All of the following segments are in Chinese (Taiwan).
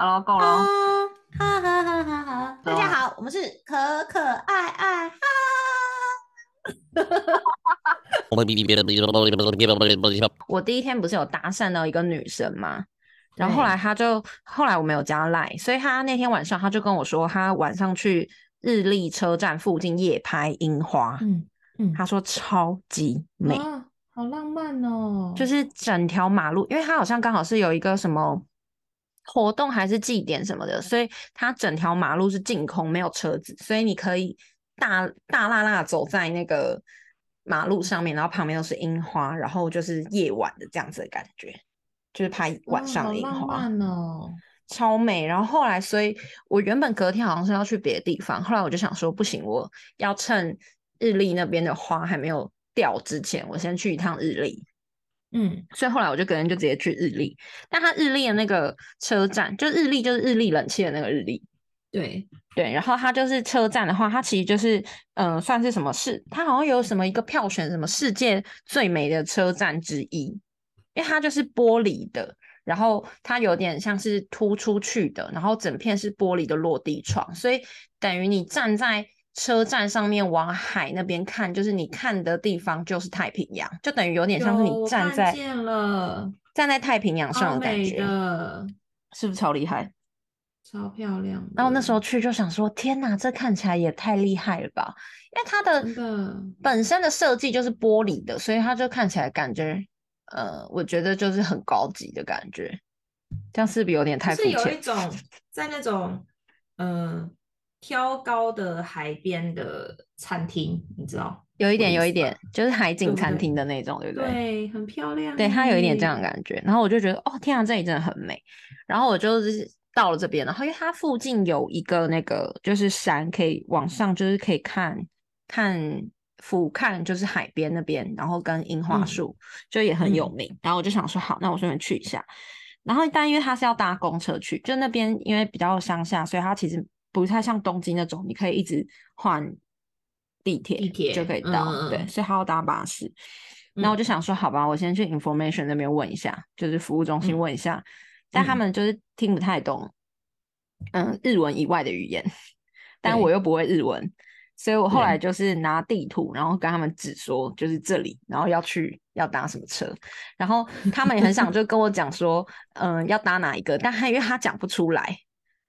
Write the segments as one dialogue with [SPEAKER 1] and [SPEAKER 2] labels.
[SPEAKER 1] Hello，狗龍，好，好，好，好，好，大家好，我們是可可愛愛，哈，哈哈哈哈哈哈。我第一天不是有搭訕到一個女生嗎？然後後來她就，對後來我沒有加賴，所以她那天晚上她就跟我說，她晚上去日立車站附近夜拍櫻花，嗯嗯，嗯她說超級美，好浪漫哦，就是整條馬路，因為她好像剛好是有一個什麼。活動還是祭典什麼的，所以它整條馬路是淨空，沒有車子，所以你可以大大辣辣走在那個馬路上面，然後旁邊都是櫻花，然後就是夜晚的這樣子的感覺，就是拍晚上的櫻花、哦哦、超美。然後後來，所以我原本隔天好像是要去別的地方，後來我就想說，不行，我要趁日立那邊的花還沒有掉之前，我先去一趟日立。嗯，所以後來我就個人就直接去日立，但它日立的那個車站，就日立就是日立冷氣的那個日立，對、嗯、對，然後它就是車站的話，它其實就是嗯、呃、算是什麼事，它好像有什麼一個票選什麼世界最美的車站之一，因為它就是玻璃的，然後它有點像是突出去的，然後整片是玻璃的落地窗，所以等於你站在。車站上面往海那邊看，就是你看的地方就是太平洋，就等於有點像是你站在看見了站在太平洋上的感覺，是不是超厲害？超漂亮。然後那時候去就想說，天哪，這看起來也太厲害了吧！因為它的那個本身的設計就是玻璃的，所以它就看起來感覺，呃，我覺得就是很高級的感覺，這樣是不是有點太膚淺？是有一種在那種，嗯、呃。挑高的海邊的餐廳，你知道？有一點，有一點，意思吧？就是海景餐廳的那種，對不對？對，很漂亮、欸。對，它有一點這樣的感覺。然後我就覺得，哦，天啊，這裡真的很美。然後我就是到了這邊，然後因為它附近有一個那個，就是山，可以往上，就是可以看看俯瞰，就是海邊那邊，然後跟櫻花樹，嗯、就也很有名。嗯、然後我就想說，好，那我順便去一下。然後，但因為它是要搭公車去，就那邊因為比較鄉下，所以它其實。不太像東京那種，你可以一直換地鐵，地鐵鐵就可以到。嗯、對，所以還要搭巴士。嗯、然後我就想說，好吧，我先去 information 那邊問一下，就是服務中心問一下。嗯、但他們就是聽不太懂，嗯，嗯，日文以外的語言。嗯、但我又不會日文，對所以我後來就是拿地圖，然後跟他們指說，嗯、就是這裡，然後要去要搭什麼車。然後他們也很想就跟我講說，嗯、 呃，要搭哪一個？但他因為他講不出來。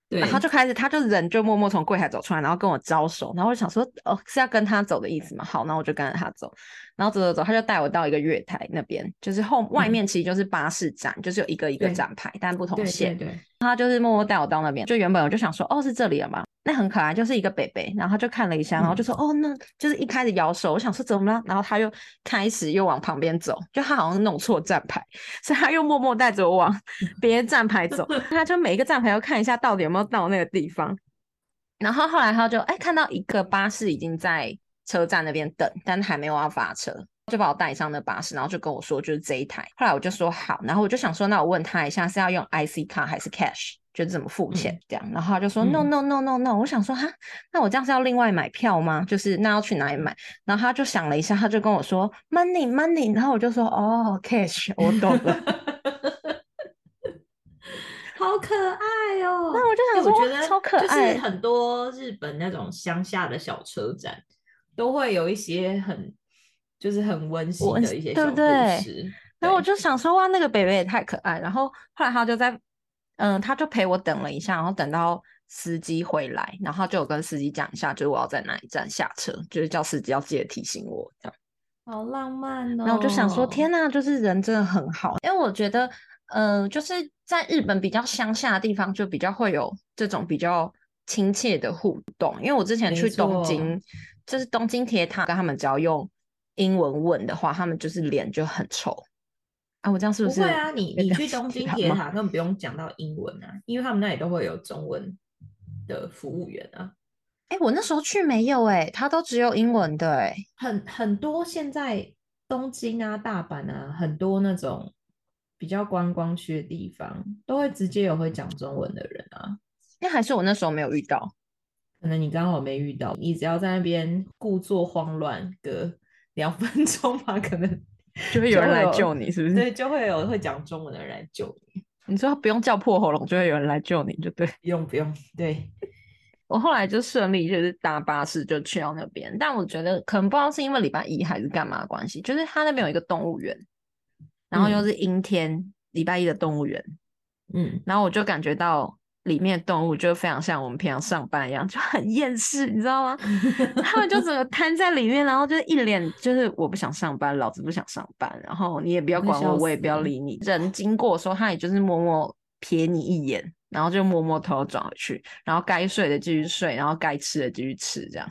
[SPEAKER 1] 對然後就開始，他就人就默默從櫃檯走出來，然後跟我招手，然後我就想說，哦，是要跟他走的意思嗎？好，然後我就跟着他走，然後走走走，他就帶我到一個月台那邊，就是後外面其實就是巴士站，嗯、就是有一個一個站牌，對但不同線，對對對，他就是默默帶我到那邊，就原本我就想說，哦，是這裡了嗎？很可愛，就是一個伯伯，然後他就看了一下，然後就說：“嗯、哦，那就是一開始搖手，我想說怎麼了？”然後他又開始又往旁邊走，就他好像弄錯站牌，所以他又默默帶着我往別站牌走，嗯、他就每一個站牌要看一下到底有沒有到那個地方。 然後後來他就哎、欸、看到一個巴士已經在車站那邊等，但還沒有要發車，就把我帶上那巴士，然後就跟我說就是這一台。後來我就說好，然後我就想說那我問他一下是要用 IC 卡還是 cash。就怎麼付錢？這樣，嗯、然後他就說、嗯、“No No No No No”，我想說哈，那我這樣是要另外買票嗎？就是那要去哪裡買？然後他就想了一下，他就跟我說 “Money Money”，然後我就說“哦 Cash”，我懂了， 好可愛哦。那我就想說，說超可愛，就是很多日本那種鄉下的小車站都會有一些很就是很溫馨的一些小故事。對對對然後我就想說哇，那個北北也太可愛。然後後來他就在。嗯，他就陪我等了一下，然後等到司機回來，然後就有跟司機講一下，就是我要在哪一站下車，就是叫司機要記得提醒我。好浪漫哦！然後我就想說，天哪、啊，就是人真的很好，因為我覺得，嗯、呃，就是在日本比較鄉下的地方，就比較會有這種比較親切的互動。因為我之前去東京，沒錯，就是東京鐵塔，跟他們只要用英文問的話，他們就是臉就很臭。啊，我這樣是不是不會啊？你你去東京鐵塔 根本不用講到英文啊，因為他們那裡都會有中文的服務員啊。哎、欸，我那時候去沒有哎、欸，他都只有英文的哎、欸。很很多現在東京啊、大阪啊，很多那種比較觀光區的地方，都會直接有會講中文的人啊。那還是我那時候沒有遇到，可能你剛好沒遇到，你只要在那邊故作慌亂，隔兩分鐘吧，可能。就會有人來救你，是不是？對，就會有會講中文的人來救你。你說不用叫破喉嚨，就會有人來救你，就對。不用不用，對，我後來就順利，就是搭巴士就去到那邊。但我覺得可能不知道是因為禮拜一還是幹嘛的關係，就是他那邊有一個動物園，
[SPEAKER 2] 然後又是
[SPEAKER 1] 陰天，禮拜一的動物園，嗯，然後我就感覺到。裡面的動物就非常像我們平常上班一樣，就很厭世，你知道嗎？ 他們整個癱在裡面，然後就是一臉就是我不想上班，老子不想上班。然後你也不要管我，我，我也不要理你。人經過的時候，他也就是默默瞥你一眼，然後就摸摸頭轉回去，然後該睡的繼續睡，然後該吃的繼續吃，這樣。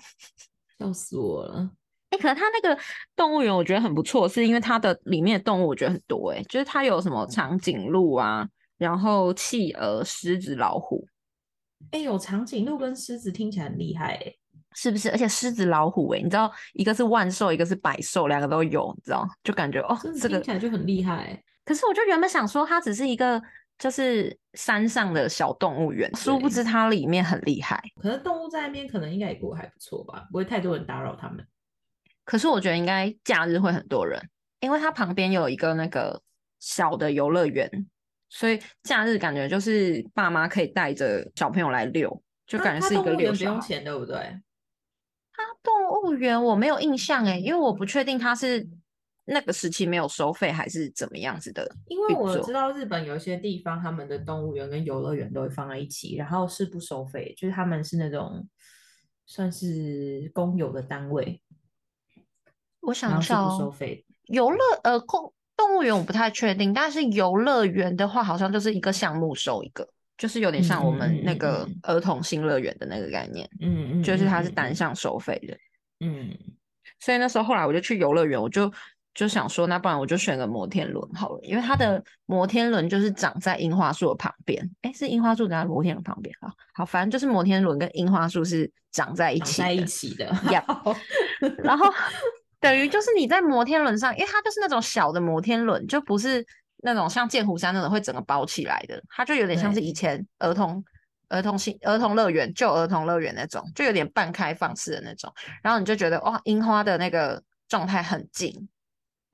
[SPEAKER 1] 笑死我了！哎、欸，可是他那個動物園我覺得很不錯，是因為它的裡面的動物我覺得很多、欸，哎，就是它有什麼長頸鹿啊。嗯然後企鵝，企鵝、獅子、老虎。哎、欸、有長頸鹿跟獅子聽起來很厲害、欸，是不是？而且獅子、老虎、欸，哎，你知道一個是萬獸，一個是百獸，兩個都有，你知道？就感覺哦，這個聽起來就很厲害、欸。可是，我就原本想說，它只是一個就是山上的小動物園，對殊不知它裡面很厲害。可是動物在那邊，可能應該也過還不錯吧，不會太多人打擾他們。可是，我覺得應該假日會很多人，因為它旁邊有一個那個小的遊樂園。所以假日感覺就是爸媽可以帶着小朋友來遛，啊、就感覺是一個遛小孩。啊、他動物園不用錢，對不對？他動物園我沒有印象哎、欸，因為我不確定他是那個時期沒有收費還是怎麼樣子的。因為我知道日本有一些地方，他們的動物園跟遊樂園都會放在一起，然後是不收費，就是他們是那種算是公有的單位。嗯、不收費。我想，遊樂呃公。動物園我不太確定，但是遊樂園的話，好像就是一個項目收一個，就是有點像我們那個兒童新樂園的那個概念，嗯，嗯，嗯，就是它是單向收費的嗯，嗯。嗯，所以那時候後來我就去遊樂園，我就就想說，那不然我就選個摩天輪好了，因為它的摩天輪就是長在櫻花樹的旁邊，哎、欸，是櫻花樹長在摩天輪旁邊啊，好，反正就是摩天輪跟櫻花樹是長在一起在一起的，Yep 好 然後。等於就是你在摩天輪上，因為它就是那種小的摩天輪，就不是那種像劍湖山那種會整個包起來的，它就有點像是以前兒童對兒童新兒童樂園，舊兒童樂園那種，就有點半開放式的那種。然後你就覺得哇，櫻花的那個狀態很近，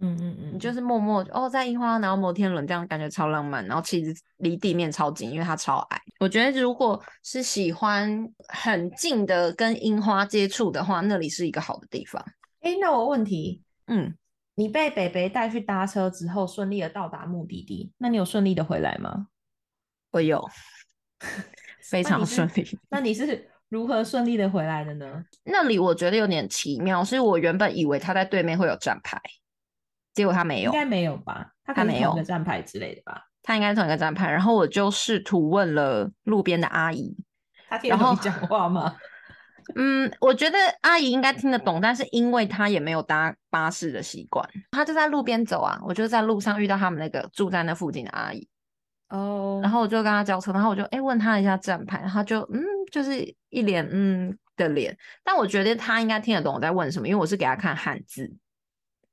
[SPEAKER 1] 嗯嗯嗯，你就是默默哦，在櫻花然後摩天輪，這樣感覺超浪漫，然後其實離地面超近，因為它超矮。我覺得如果是喜歡很近的跟櫻花接觸的話，那裡是一個好的地方。哎，那我問題，嗯，你被北北帶去搭車之後，順利的到達目的地，那你有順利的回來嗎？我有， 非常順利那。那你是如何順利的回來的呢？那裡我覺得有點奇妙，是我原本以為他在對面會有站牌，結果他沒有，應該沒有吧？他沒有站牌之類的吧？他，他應該同一個站牌，然後我就試圖問了路邊的阿姨，
[SPEAKER 2] 他聽得你
[SPEAKER 1] 講話嗎？嗯，我覺得阿姨應該聽得懂，但是因為他也沒有搭巴士的習慣，他就在路邊走啊。我就在路上遇到他們那個住在那附近的阿姨，哦，oh. 然後我就跟他交車，然後我就哎問他一下站牌，他就嗯，就是一臉嗯的臉。但我覺得他應該聽得懂我在問什麼，因為我是給他看漢字，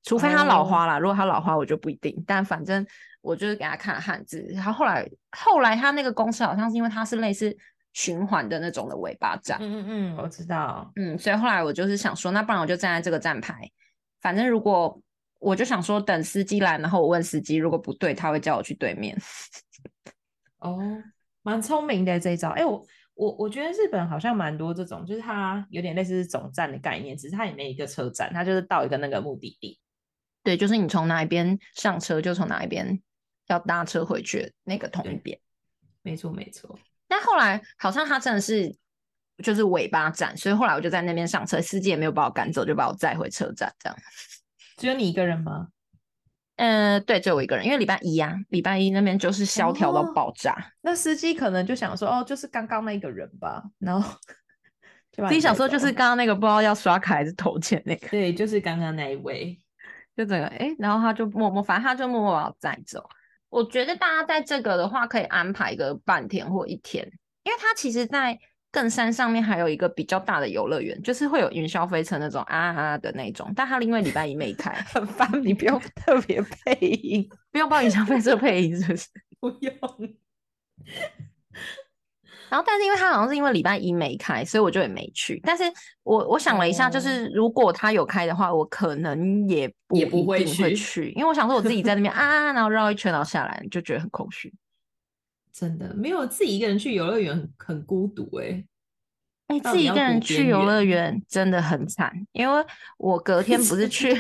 [SPEAKER 1] 除非他老花啦。Oh. 如果他老花，我就不一定。但反正我就是給他看漢字。然後後來後來他那個公司好像是因為他是類似。循環的那種的尾巴站，嗯嗯嗯，我知道，嗯，所以後來我就是想說，那不然我就站在這個站牌，反正如果我就想說等司機來，然後我問司機，如果不對，他會叫我去對面。哦，蠻聰明的這一招，哎、欸，我我我覺得日本好像蠻多這種，就是它有點類似總站的概念，只是它也沒一個車站，它就是到一個那個目的地。對，就是你從哪一邊上車，就從哪一邊要搭車回去那個同一邊。沒錯，沒錯。但後來好像他真的是就是尾巴站，所以後來我就在那邊上車，司機也沒有把我趕走，就把我載回車站。這樣只有你一個人嗎？嗯、呃，對，只有我一個人，因為禮拜一呀、啊，禮拜一那邊就是蕭條到爆炸。哦、那司機可能就想說，哦，就是剛剛那個人吧。然後就司機想說，就是剛剛那個不知道要刷卡還是投錢那個。對，就是剛剛那一位，就這個哎、欸，然後他就默默，反正他就默默把我載走。我覺得大家在這個的話，可以安排一個半天或一天，因為它其實，在更山上面還有一個比較大的遊樂園，就是會有雲霄飛車那種啊，啊啊的那種，但它因為禮拜一沒開，很棒， 你不要特別配音，不要幫雲霄飛車配音，是不是？ 不用。然後，但是因為他好像是因為禮拜一沒開，所以我就也沒去。但是我我想了一下，就是如果他有開的話，哦、我可能也不也不會去，因為我想說我自己在那邊啊啊，啊， 然後繞一圈然後下來，就覺得很空虛。真的，沒有自己一個人去遊樂園很，很孤獨哎、欸，哎、欸，自己一個人去遊樂園真的很慘，因為我隔天不是去，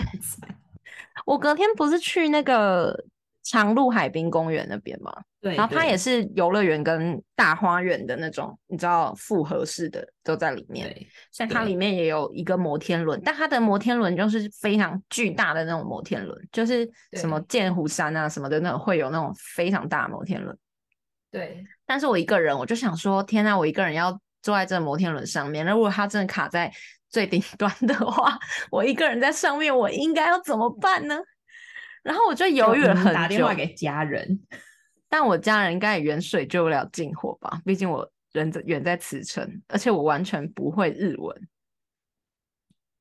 [SPEAKER 1] 我隔天不是去那個。常陸海濱公園那邊嘛，對，然後它也是遊樂園跟大花園的那種，對你知道複合式的都在裡面。對，像它裡面也有一個摩天輪，對但它的摩天輪就是非常巨大的那種摩天輪，就是什麼劍湖山啊什麼的那種，對會有那種非常大摩天輪。對，但是我一個人，我就想說，天吶、啊，我一個人要坐在這摩天輪上面，如果它真的卡在最頂端的話， 我一個人在上面，我應該要怎麼辦呢？然後我就猶豫了很久，打電話給家人，但我家人應該也遠水救不了近火吧？畢竟我人在遠在茨城，而且我完全不會日文，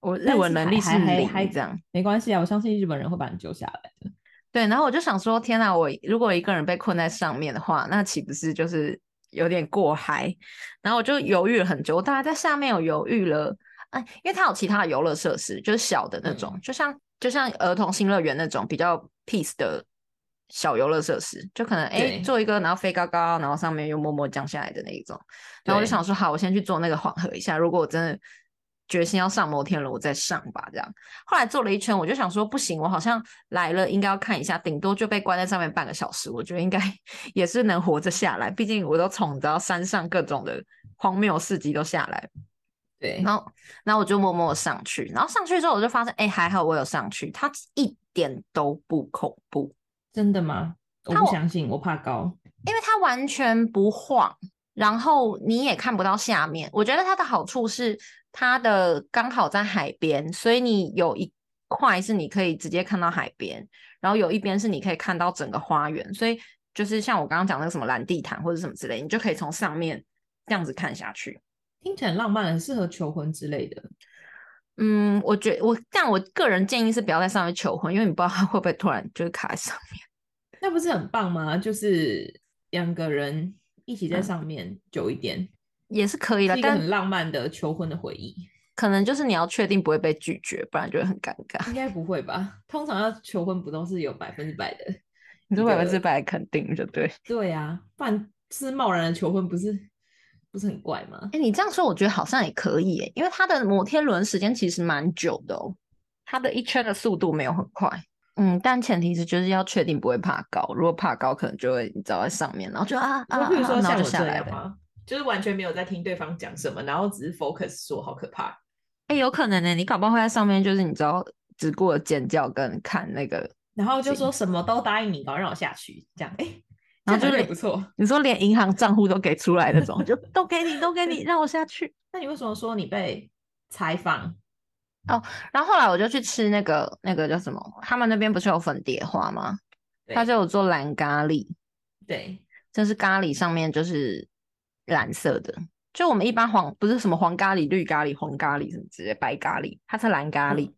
[SPEAKER 1] 我日文能力是，是很厲害這樣，沒關係啊，我相信日本人會把你救下來的。對，然後我就想說，天哪，我如果一個人被困在上面的話，那豈不是就是有點過嗨？然後我就猶豫了很久，大家在下面有猶豫了，哎，因為它有其他的遊樂設施，就是小的那種，嗯、就像。就像兒童新樂園那種比較 peace 的小遊樂設施，就可能哎，坐、欸、一個，然後飛高高，然後上面又默默降下來的那一種。對然後我就想說，好，我先去坐那個緩和一下。如果我真的決心要上摩天輪，我再上吧。這樣，後來坐了一圈，我就想說，不行，我好像來了，應該要看一下。頂多就被關在上面半個小時，我覺得應該也是能活着下來。畢竟我都從，你知道，山上各種的荒謬事蹟都下來。對，然後，然後我就默默上去，然後上去之後，我就發現，哎、欸，還好我有上去，它一點都不恐怖，真的嗎？我不相信，我，我怕高，因為它完全不晃，然後你也看不到下面。我覺得它的好處是，它的剛好在海邊，所以你有一塊是你可以直接看到海邊，然後有一邊是你可以看到整個花園，所以就是像我剛剛講那個什麼藍地毯或者什麼之類，你就可以從上面這樣子看下去。聽起來很浪漫，很適合求婚之類的。嗯，我覺得我但我個人建議是不要在上面求婚，因為你不知道他會不會突然就是卡在上面。那不是很棒嗎？就是兩個人一起在上面久一點、啊，也是可以的，一個很浪漫的求婚的回憶。可能就是你要確定不會被拒絕，不然就會很尷尬。嗯，應該不會吧？通常要求婚不都是有百分之百的？
[SPEAKER 2] 你百分之
[SPEAKER 1] 百肯定，對對？對呀、啊，不然是貿然的求婚不是？不是很怪嗎？哎、欸，你這樣說，我覺得好像也可以耶，因為它的摩天輪時間其實蠻久的哦、喔，它的一圈的速度沒有很快，嗯，但前提是就是要確定不會怕高，如果怕高，可能就會你知道在上面，然後就啊比如說啊，鬧、啊、下來嗎？就是完全沒有在聽對方講什麼，然後只是 focus 說好可怕，哎，有可能呢，你搞不好會在上面，就是你知道只顧尖叫跟看那個，然後就說什麼都答應你，然後讓我下去這樣，哎、欸。他覺得也不錯。你說連銀行賬戶都給出來那種， 就都給你，都給你，讓我下去。 那你為什麼說你被採訪？哦，oh, 然後後來我就去吃那個那個叫什麼？他們那邊不是有粉蝶花嗎？對他就有做藍咖喱，對，就是咖喱上面就是藍色的。就我們一般黃不是什麼黃咖喱、綠咖喱、紅咖喱什麼，直接白咖喱，它是藍咖喱。嗯、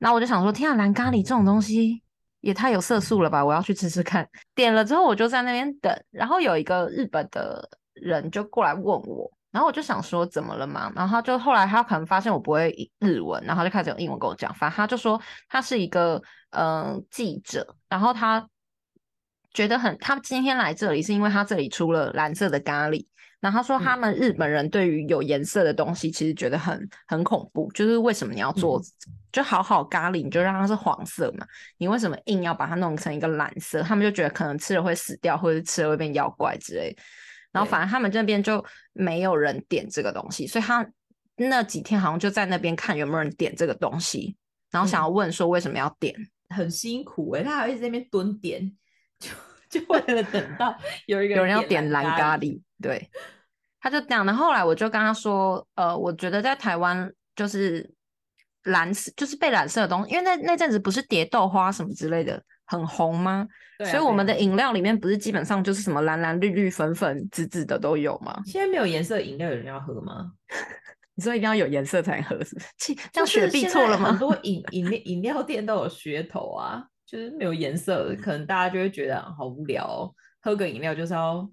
[SPEAKER 1] 然後我就想說，天啊，藍咖喱這種東西。也太有色素了吧！我要去吃吃看。點了之後，我就在那邊等，然後有一個日本的人就過來問我，然後我就想說怎麼了嘛，然後他就後來他可能發現我不會日文，然後就開始用英文跟我講，反正他就說他是一個嗯記者，然後他覺得很他今天來這裡是因為他這裡出了藍色的咖喱。然後他說，他們日本人對於有顏色的東西其實覺得很、嗯、很恐怖，就是為什麼你要做、嗯、就好好咖喱，你就讓它是黃色嘛？你為什麼硬要把它弄成一個藍色？他們就覺得可能吃了會死掉，或者吃了會變妖怪之類。然後反正他們這邊就沒有人點這個東西，對所以他那幾天好像就在那邊看有沒有人點這個東西，然後想要問說為什麼要點，嗯、很辛苦哎、欸，他還一直在那邊蹲點，就就為了等到有一個人有人要點藍咖喱。對，他就講了。後來我就跟他說，呃，我覺得在台灣就是藍色，就是被染色的東西。因為那那陣子不是蝶豆花什麼之類的很紅嗎？所以我們的飲料裡面不是基本上就是什麼藍藍、綠綠、粉粉、紫紫的都有嗎？現在沒有顏色飲料有人要喝嗎？你說一定要有顏色才喝是？這樣雪碧錯了嗎？很多飲飲料飲料店都有噱頭啊，就是沒有顏色，可能大家就會覺得好無聊，喝個飲料就是要。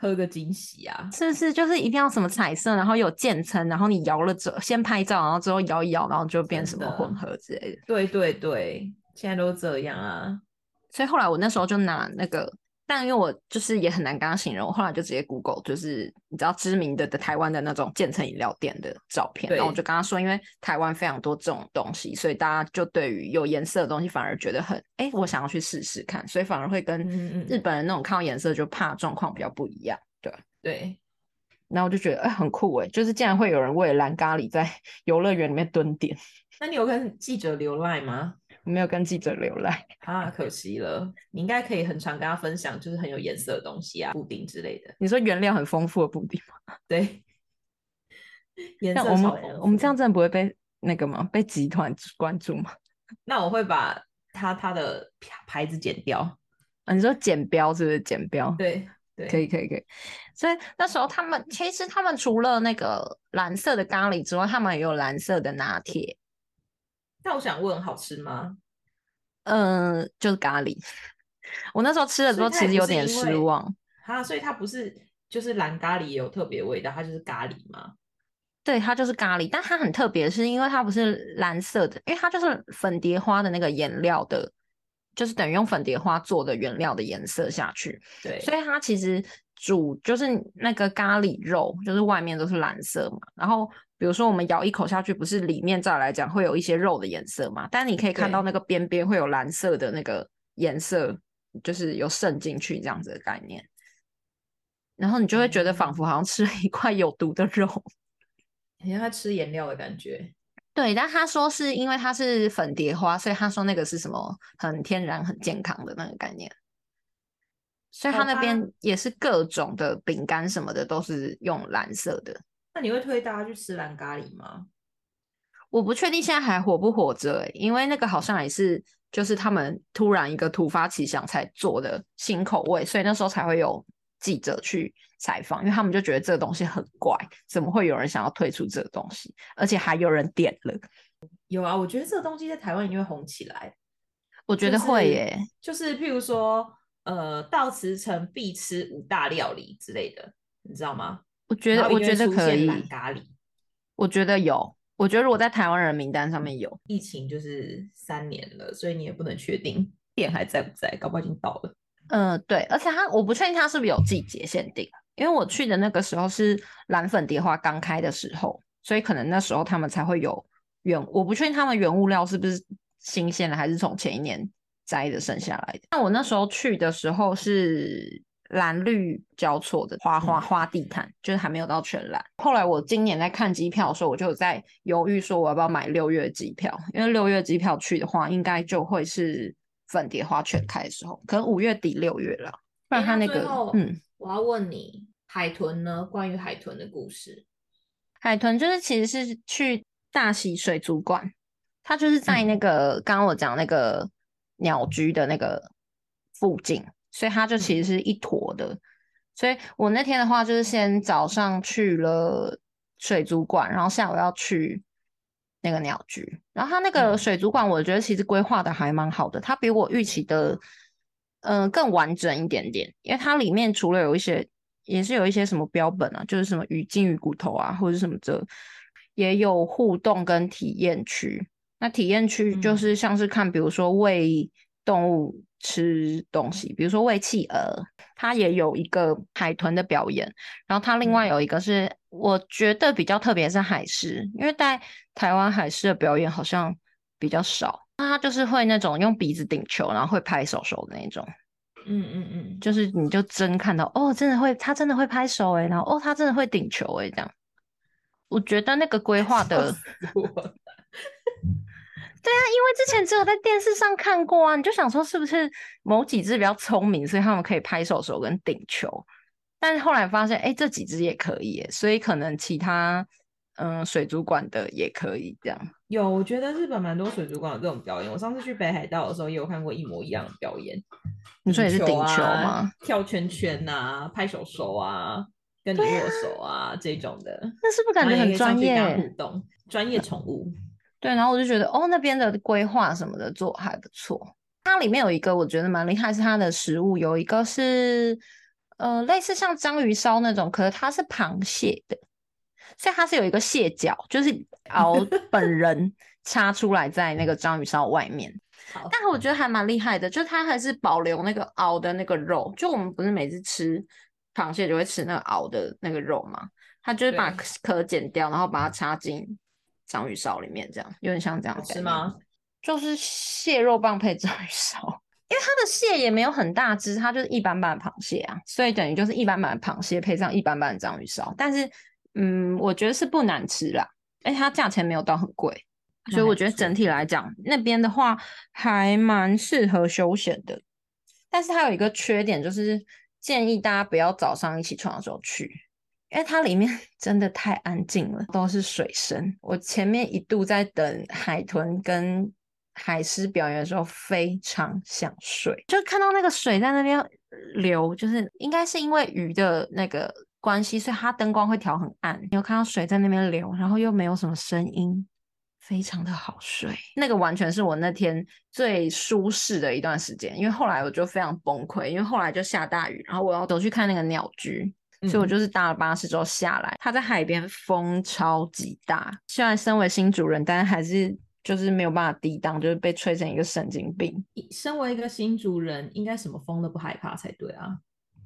[SPEAKER 1] 喝個驚喜啊！是不是，就是一定要什麼彩色，然後有漸層，然後你搖了之後先拍照，然後之後搖一搖，然後就變什麼混合之類的。的對對對，現在都這樣啊。所以後來我那時候就拿那個。但因為我就是也很難跟他形容，我後來就直接 Google，就是你知道知名的的台灣的那種漸層飲料店的照片，對然後我就跟他說，因為台灣非常多這種東西，所以大家就對於有顏色的東西反而覺得很，哎，我想要去試試看，所以反而會跟日本人那種看到顏色就怕的狀況比較不一樣，對對。然後我就覺得，哎，很酷哎，就是竟然會有人為了藍咖喱在遊樂園裡面蹲點。那你有跟記者留賴嗎？沒有跟記者留來啊，可惜了。你應該可以很常跟他分享，就是很有顏色的東西啊，布丁之類的。你說原料很豐富的布丁嗎？對。但 顏色什麼？我們，我們這樣真的不會被那個嗎？被集團關注嗎？那我會把他他的牌子剪掉。啊，你說剪標是不是？剪標？對對，對。可以可以可以。所以那時候他們其實他們除了那個藍色的咖喱之外，他們也有藍色的拿鐵。但我想問，好吃嗎？嗯、呃，就是咖喱。我那時候吃的時候，其實有點失望。啊，所以它不是就是藍咖喱也有特別味道，它就是咖喱嘛。對，它就是咖喱，但它很特別，是因為它不是藍色的，因為它就是粉蝶花的那個顏料的，就是等於用粉蝶花做的原料的顏色下去。對，所以它其實煮就是那個咖喱肉，就是外面都是藍色嘛，然後。比如說，我們咬一口下去，不是裡面再來講會有一些肉的顏色嘛？但你可以看到那個邊邊會有藍色的那個顏色，對就是有滲進去這樣子的概念。然後你就會覺得仿佛好像吃了一塊有毒的肉，你、嗯、他吃顏料的感覺。對，但他說是因為它是粉蝶花，所以他說那個是什麼很天然、很健康的那個概念。所以他那邊也是各種的餅乾什麼的都是用藍色的。你會推大家去吃藍咖喱嗎？我不確定現在還活不活著、欸，因為那個好像也是就是他們突然一個突發奇想才做的新口味，所以那時候才會有記者去採訪，因為他們就覺得這個東西很怪，怎麼會有人想要推出這個東西，而且還有人點了。有啊，我覺得這個東西在台灣一定會紅起來，我覺得會耶、欸就是，就是譬如說，呃，到茨城必吃五大料理之類的，你知道嗎？我覺得，我覺得可以。我覺得有，我覺得如果在台灣人名單上面有，疫情就是三年了，所以你也不能確定店還在不在，搞不好已經倒了。嗯、呃，對，而且他我不確定他是不是有季節限定，因為我去的那個時候是藍粉蝶花剛開的時候，所以可能那時候他們才會有原，我不確定他們原物料是不是新鮮的，還是從前一年摘的剩下來的。那我那時候去的時候是。藍綠交錯的花花花地毯，嗯、就是還沒有到全藍。後來我今年在看機票的時候，我就在猶豫說我要不要買六月機票，因為六月機票去的話，應該就會是粉蝶花全開的時候，可能五月底六月了。不然他那個，欸、那最後嗯，我要問你海豚呢？關於海豚的故事，海豚就是其實是去大洗水族館，它就是在那個剛剛、嗯、我講那個鳥居的那個附近。所以它就其實是一坨的，嗯、所以我那天的話就是先早上去了水族館，然後下午要去那個鳥居。然後它那個水族館，我覺得其實規劃的還蠻好的，嗯、它比我預期的嗯、呃、更完整一點點，因為它裡面除了有一些也是有一些什麼標本啊，就是什麼魚、鯨魚骨頭啊，或者什麼的，也有互動跟體驗區。那體驗區就是像是看，比如說餵。動物吃東西，比如說餵企鵝，它也有一個海豚的表演。然後它另外有一個是，嗯、我覺得比較特別是海獅，因為在台灣海獅的表演好像比較少。它就是會那種用鼻子頂球，然後會拍手手的那種。嗯嗯嗯，嗯嗯就是你就真看到哦，真的會，它真的會拍手哎、欸，然後哦，它真的會頂球哎、欸，這樣。我覺得那個規劃的。對啊，因為之前只有在電視上看過啊，你就想說是不是某幾隻比較聰明，所以他們可以拍手手跟頂球，但是後來發現，哎、欸，這幾隻也可以耶，所以可能其他嗯水族館的也可以這樣。有，我覺得日本蠻多水族館有這種表演。我上次去北海道的時候也有看過一模一樣的表演，
[SPEAKER 2] 你說也是頂球嗎？
[SPEAKER 1] 跳圈圈啊，拍手手啊，跟你握手啊，啊這種的，那是不是感覺很專業？互動，專業寵物。嗯對，然後我就覺得哦，那邊的規劃什麼的做還不錯。它裡面有一個我覺得蠻厲害是它的食物，有一個是呃類似像章魚燒那種，可是它是螃蟹的，所以它是有一個蟹腳，就是螯本人插出來在那個章魚燒外面。 但是我覺得還蠻厲害的，就是它還是保留那個螯的那個肉，就我們不是每次吃螃蟹就會吃那個螯的那個肉嗎？它就是把殼剪掉，對然後把它插進。章魚燒裡面這樣，有點像這樣，是嗎？就是蟹肉棒配章魚燒，因為它的蟹也沒有很大只，它就是一般般的螃蟹啊，所以等於就是一般般的螃蟹配上一般般的章魚燒，但是，嗯，我覺得是不難吃啦，而且它價錢沒有到很貴，嗯，所以我覺得整體來講，那邊的話還蠻適合休閒的。但是它有一個缺點，就是建議大家不要早上一起床的時候去。因為它裡面真的太安靜了，都是水聲。我前面一度在等海豚跟海獅表演的時候，非常想睡，就看到那個水在那邊流，就是應該是因為魚的那個關係，所以它燈光會調很暗。你有看到水在那邊流，然後又沒有什麼聲音，非常的好睡。那個完全是我那天最舒適的一段時間，因為後來我就非常崩潰，因為後來就下大雨，然後我要走去看那個鳥居。所以我就是搭了巴士之後下來，他在海邊風超級大。雖然身為新竹人，但是還是就是沒有辦法抵擋，就是被吹成一個神經病。身為一個新竹人，應該什麼風都不害怕才對啊。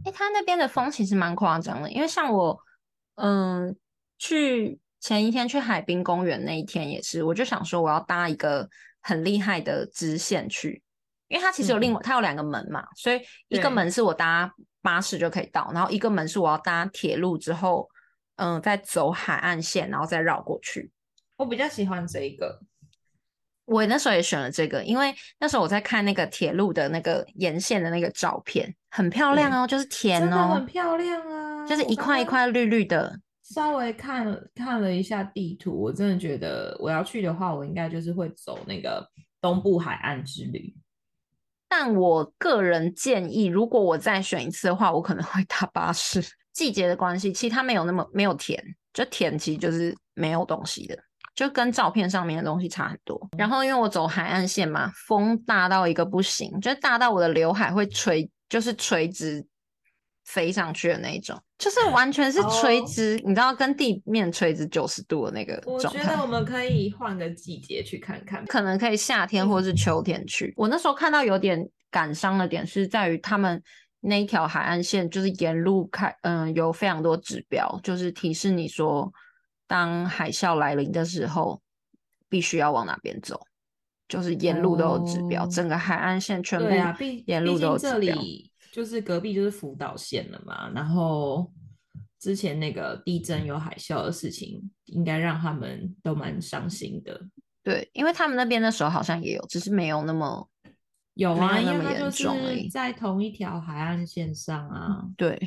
[SPEAKER 1] 哎、欸，他那邊的風其實蠻誇張的，因為像我，嗯，去前一天去海濱公園那一天也是，我就想說我要搭一個很厲害的支線去，因為它其實有另外它、嗯、有兩個門嘛，所以一個門是我搭。巴士就可以到，然後一個門是我要搭鐵路之後，嗯、呃，再走海岸線，然後再繞過去。我比較喜歡這一個，我那時候也選了這個，因為那時候我在看那個鐵路的那個沿線的那個照片，很漂亮哦，嗯、就是田哦，真的很漂亮啊，就是一塊一塊綠綠的。剛剛稍微看看了一下地圖，我真的覺得我要去的話，我應該就是會走那個東部海岸之旅。但我個人建議，如果我再選一次的話，我可能會搭巴士。 季節的關係，其實它沒有那麼沒有田，就田其實就是沒有東西的，就跟照片上面的東西差很多。然後因為我走海岸線嘛，風大到一個不行，就大到我的劉海會垂，就是垂直飛上去的那一種。就是完全是垂直，嗯哦、你知道，跟地面垂直九十度的那個狀態。我覺得我們可以換個季節去看看，可能可以夏天或是秋天去。嗯、我那時候看到有點感傷的點是在於他們那一條海岸線，就是沿路開，嗯、呃，有非常多指標，就是提示你說當海嘯來臨的時候，必須要往哪邊走，就是沿路都有指標，哎、呦整個海岸線全部、啊、沿路都有指標。就是隔壁就是福島縣了嘛，然後之前那個地震有海嘯的事情，應該讓他們都蠻傷心的。對，因為他們那邊的時候好像也有，只是沒有那麼有啊，沒有那麼嚴重，因為它就在同一條海岸線上啊。對，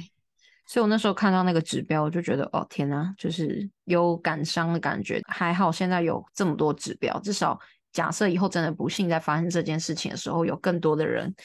[SPEAKER 1] 所以我那時候看到那個指標，我就覺得哦天吶，就是有感傷的感覺。還好現在有這麼多指標，至少假設以後真的不幸在發生這件事情的時候，有更多的人。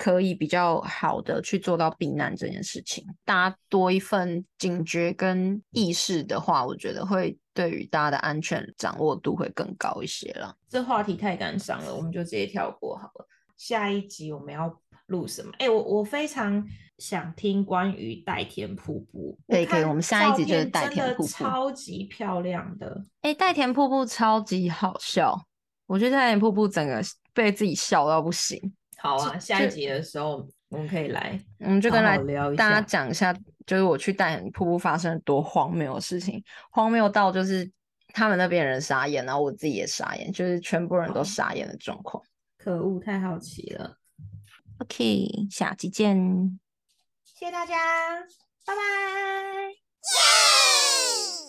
[SPEAKER 1] 可以比較好的去做到避難這件事情，大家多一份警覺跟意識的話，我覺得會對於大家的安全掌握度會更高一些了。這話題太感傷了，我們就直接跳過好了。下一集我們要錄什麼？哎、欸，我我非常想聽關於袋田瀑布。可以，我們下一集就是袋田瀑布，超級漂亮的。哎、欸，袋田瀑布超級好笑，我覺得袋田瀑布整個被自己笑到不行。好啊，下一集的時候我們可以來，我們就跟來好好大家講一下，就是我去袋田瀑布發生了多荒謬的事情，荒謬到就是他們那邊人傻眼，然後我自己也傻眼，就是全部人都傻眼的狀況。可惡，太好奇了。OK，下集見，謝謝大家，拜拜。Yeah!